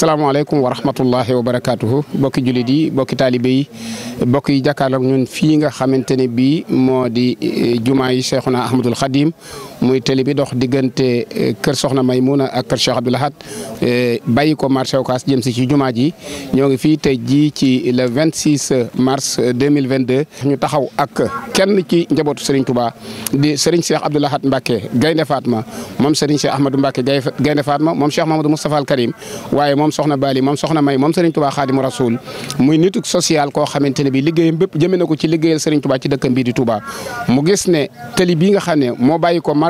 salaamaaleykum wa rahmatullahi wa barakaatuhu bokki jullit yi bokki taalibe yi bokk yi jàkkaarloog ñun fii nga xamante ne bii moo di eh, jumaa yi Cheikhuna Ahmadul Xadim muy tali bi dox diggante eh, kër Soxna Maymuna ak kër Cheikh Abdoul Ahad eh, bàyyi ko marché Ocass jëm si ci jumaa ji ñoo ngi fii tey jii ci le 26 mars 2022 ñu taxaw ak kenn ci njabootu Serigne Touba di Serigne Cheikh Abdoul Ahad Mbacké Gaynde Fatma moom Serigne Cheikh Ahmadou Mbacké Gaynde Fatma moom Cheikh Mamadou Moustapha Al Karim waaye moom Soxna Bali moom Soxna May moom Serigne Touba Khadimu Rasoul muy nituk social koo xamante ne bi liggéeyam bépp jëmee na ko ci liggéeyal Serigne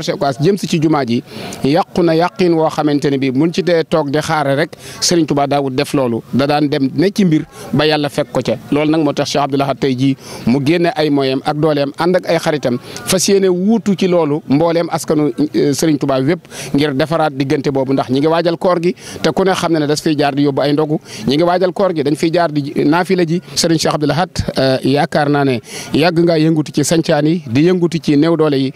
marché Ocass jëm si ci jumaa ji yàqu na yàqin woo xamante ne bi mun ci dee toog di xaare rek Serigne Touba daawut def loolu da daan dem ne ci mbir ba yàlla fekk ko ca loolu nag moo tax Cheikh Abdoul Ahad tey jii mu génne ay moyem ak dooleem ànd ak ay xaritam fas yéene wuutu ci loolu mbooleem askanu eh, Serigne Touba wépp ngir defaraat diggante boobu ndax ñi ngi waajal koor gi te ku ne xam ne ne das fiy jaar di yóbbu ay ndogu ñi ngi waajal koor gi dañ fiy jaar di naafila ji Serigne Cheikh Abdoul Ahad eh, yaakaar naa ne yàgg ngaa yëngutu ci sancaan yi di yëngutu ci néew doole yi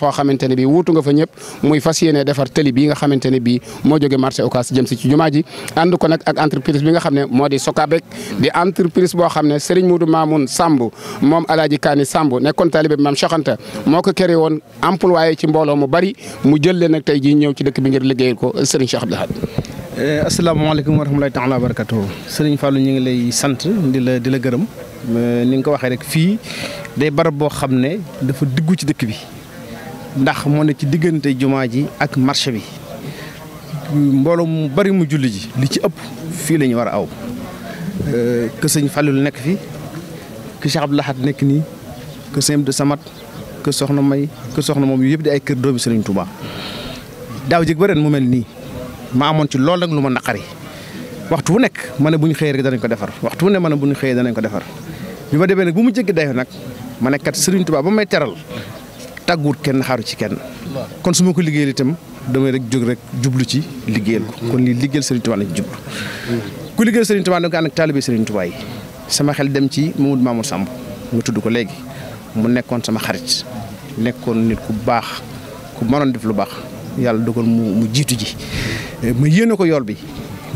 foo xamante ne bii wuutu nga fa ñëpp muy fas yéene defar tëli bii nga xamante ne bii moo jóge marché Ocass jëm si ci jumaa ji ànd ko nag ak entreprise bi nga xam ne moo di Socabek di entreprise boo xam ne Serigne Moudou Mamoun Samb moom Alaaji Kaani Samb nekkoon taalibe bi maam soxanta moo ko créé woon employé ci mbooloo mu bari mu jël leen nag tey jii ñëw ci dëkk bi ngir liggéey ko Serigne Cheikh Abdou Lahad eh, asalaamaaleykum wa rahmatulahi taala wa barakatuh Serigne Fallou ñu ngi lay sant di la di la gërëm eh, ni nga ko waxee rek fii day barab boo xam ne dafa diggu ci dëkk bi ndax moo ne ci diggante jumaa ji ak marché bi mbooloo mu bari mu julli ji li ci ëpp fii lañuy war a aw que euh, sëñ Fallou nekk fi ki Cheikh Abdou Lahad nekk nii que sëñ Abdou Samad que soxna May que soxna moom yëpp di ay kër doomi Sëriñ Touba daaw jëg ba mu mel nii ma amoon ci loolu nag lu ma naqari waxtu bu nekk ma ne bu ñu xëyee rek danañ ko defar waxtu wu ne ma ne bu ñu xëyee danañ ko defar bi ma demee nag bu mu jéggi dayoo nag ma ne kat Sëriñ Touba ba may teral tàgguwut kenn xaaru ci kenn kon su ma ko liggéeyal itam damay rek jóg rek jublu ci liggéeyal ko kon lii liggéeyal Serigne Touba la ci jublu ku liggéeyal Serigne Touba nag ànd ak taalibe Serigne Touba yi sama xel dem ci Mamadou Mamour Samb nga tudd ko léegi mu nekkoon sama xarit nekkoon nit ku baax ku mënoon def lu baax yàlla dogal mu mu jiitu ji ma yéene ko yool bi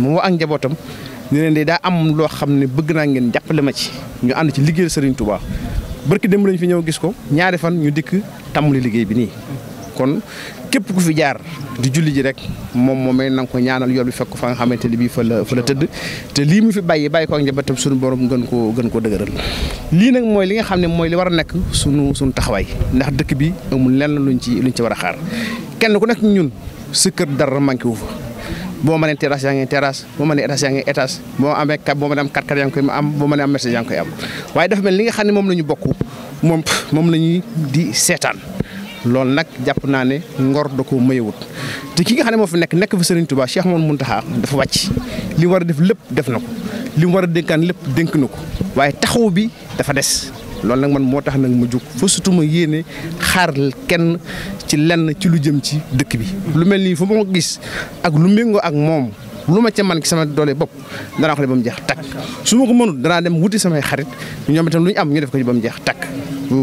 mu wax ak njabootam de daa am loo xam ne bëgg naa ngeen jàppale ma ci ñu ànd ci liggéeyal Serigne Touba barki dem lañ fi ñëw gis ko ñaari fan ñu dikk tàmbali liggéey bi nii kon képp ku fi jaar di julli ji rek moom moom na nga ñaanal yoon bi fekk fa nga xamante ni bii fa la fa la tëdd te lii mu fi bàyyi bàyyi ko ak njabootam suñu borom gën koo gën koo dëgëral lii nag mooy li nga xam ne mooy li war a nekk suñu suñu taxawaay ndax dëkk bi amul lenn luñ ci luñ ci war a xaar kenn ku nekk ñun sa kër dara manqué wu fa boo mënee terrasse yaa ngi terrasse boo mënee boo amee boo am 4x4 koy am boo mënee am message yaa ngi koy am waaye dafa li nga xam ne moom la ñu bokk moom moom la ñuy di seetaan loolu nag jàpp naa ne ngor da ko mayewut te ki nga xam ne moo fu nekk nekk fi Serigne Touba Cheikh Mouhamadou Mountakha dafa wàcc li war a def lépp def na ko li mu war a dénkaan lépp dénk na ko waaye taxaw bi dafa des loolu nag man moo tax nag ma jóg fa surtout ma yéene xaar kenn ci lenn ci lu jëm ci dëkk bi. lu mel nii fu ma gis ak lu méngoo ak moom. lu ma ca man sama doole bopp danaa wax ne ba mu jeex takk su ma ko mënul danaa dem wuti samay xarit ñoom itam lu am ñu def ko ci ba mu jeex takk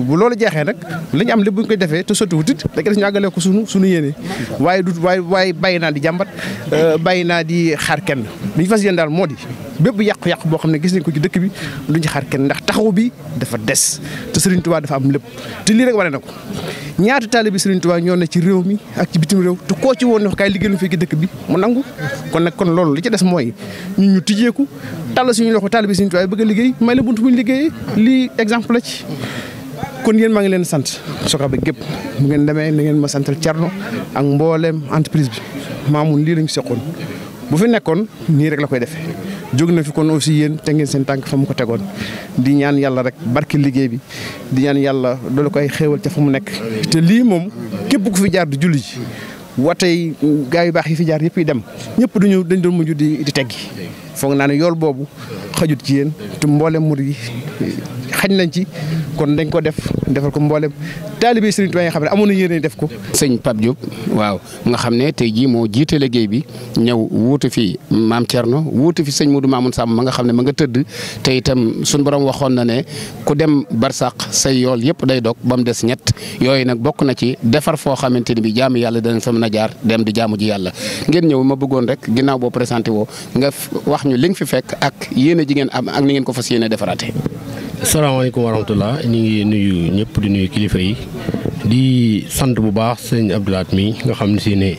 bu loolu jeexee nag li ñu am lépp bu ñu koy defee te sotti wutit da nga des ñu àggale ko sunu sunu yéene waaye du waaye bàyyi naa di jàmbat euh, bàyyi naa di xaar kenn li fas yéen daal moo di boo xam ne gis nañ ko ci bi duñ ci xaar kenn bi dafa des te Serigne Touba dafa am lépp te lii rek wane na ko ñaata taalibe Serigne Touba ñoo ne ci réew mi ak ci bitim réew te koo ci woon wax kaay liggéey lu fekk dëkk bi mu nangu kon loolu li ci des mooy ñun ñu tijjeeku tàll suñu loxo taalibe Serigne Touba bëgg a liggéey la buntu buñ la ci kon yéen maa ngi leen sant Soxaba gépp bu ngeen demee na ngeen ma santal carno ak mbooleem entreprise bi maamun lii lañu seqoon bu fi nekkoon nii rek la koy defee jóg na fi kon aussi yéen te ngeen seen tànk fa mu ko tegoon di ñaan yàlla rek barke liggéey bi di ñaan yàlla doole ko ay xéewal ca fa mu nekk te lii moom képp ku fi jaar di julli ji watey gaa yu baax yi fi jaar yëpp yi dem ñëpp duñu dañ doon mujj di di teggi foog naa ne yool boobu xajut ci yéen te mboolem murid yi xañ lañ ci kon dañ ko def defal ko mboole taalibe Serigne Touba nga xam ne amoon na yéene def ko. sëñ Pape Diop waaw nga xam ne tey jii moo jiite liggéey bi ñëw wuutu fi maam Thierno wuutu fi sëñ Modou Mamoun Samb ma nga xam ne ma nga tëdd tey itam suñ borom waxoon na ne ku dem barsàq say yool yëpp day dog ba mu des ñett yooyu nag bokk na ci defar foo xamante ni bi jaamu yàlla danañ fa mën a jaar dem di jaamu ji yàlla ngeen ñëw ma bëggoon rek ginnaaw boo présenté woo nga wax ñu li nga fi fekk ak yéene ji ngeen am ak ni ngeen ko fas yéene defaraate salaamaaleykum wa ñu ngi nuyu ñëpp di nuyu kilifa yi di sant bu baax sëñ Abdou Lahat mi nga xam ne si ne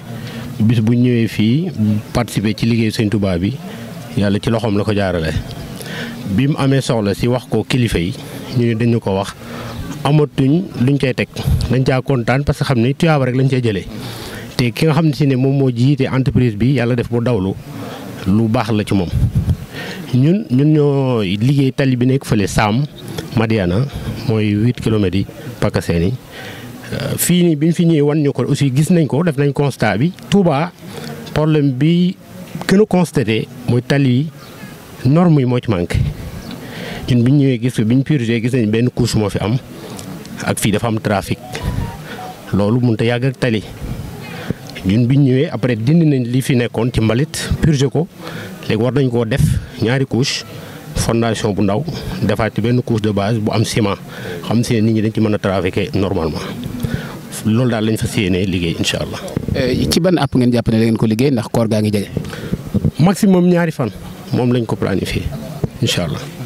bis bu ñëwee fii participer ci liggéey sëñ tubaab bi yàlla ci loxoom la ko jaarale bi mu amee soxla si wax ko kilifa yi ñu ne dañu ko wax amatuñ luñ cay teg dañ caa kontaan parce que xam ne tuyaaba rek lañ cay jëlee te ki nga xam ne si ne moom moo jiitee entreprise bi yàlla def bu dawlu lu baax la ci moom. ñun ñun ñoo liggéey tali bi nekk fële Saam Madiana mooy huit kilomètres yi Pakaseen yi euh, fii nii bi ñu fi ñëwee wan ñu ko aussi gis nañ ko def nañ constat bi Touba problème bi gën a constaté mooy tali yi norme yi moo ci manqué ñun bi ñu ñëwee gis bi ñu purgé gis nañ benn couche moo fi am ak fii dafa am trafic loolu mënut a yàgg ak tali. ñun bi ñu ñëwee après dindi nañ li fi nekkoon ci mbalit purgé ko léegi war nañ koo def ñaari couche fondation bu ndaw defaat benn couche de base bu am ciment xam si ne nit ñi dañ ci mën a trafiquer normalement loolu daal lañ fas yéene liggéey incha allah. Euh, ci ban app ngeen jàpp ne da ngeen ko liggéey ndax koor gaa ngi jege. maximum ñaari fan moom lañ ko planifié incha allah.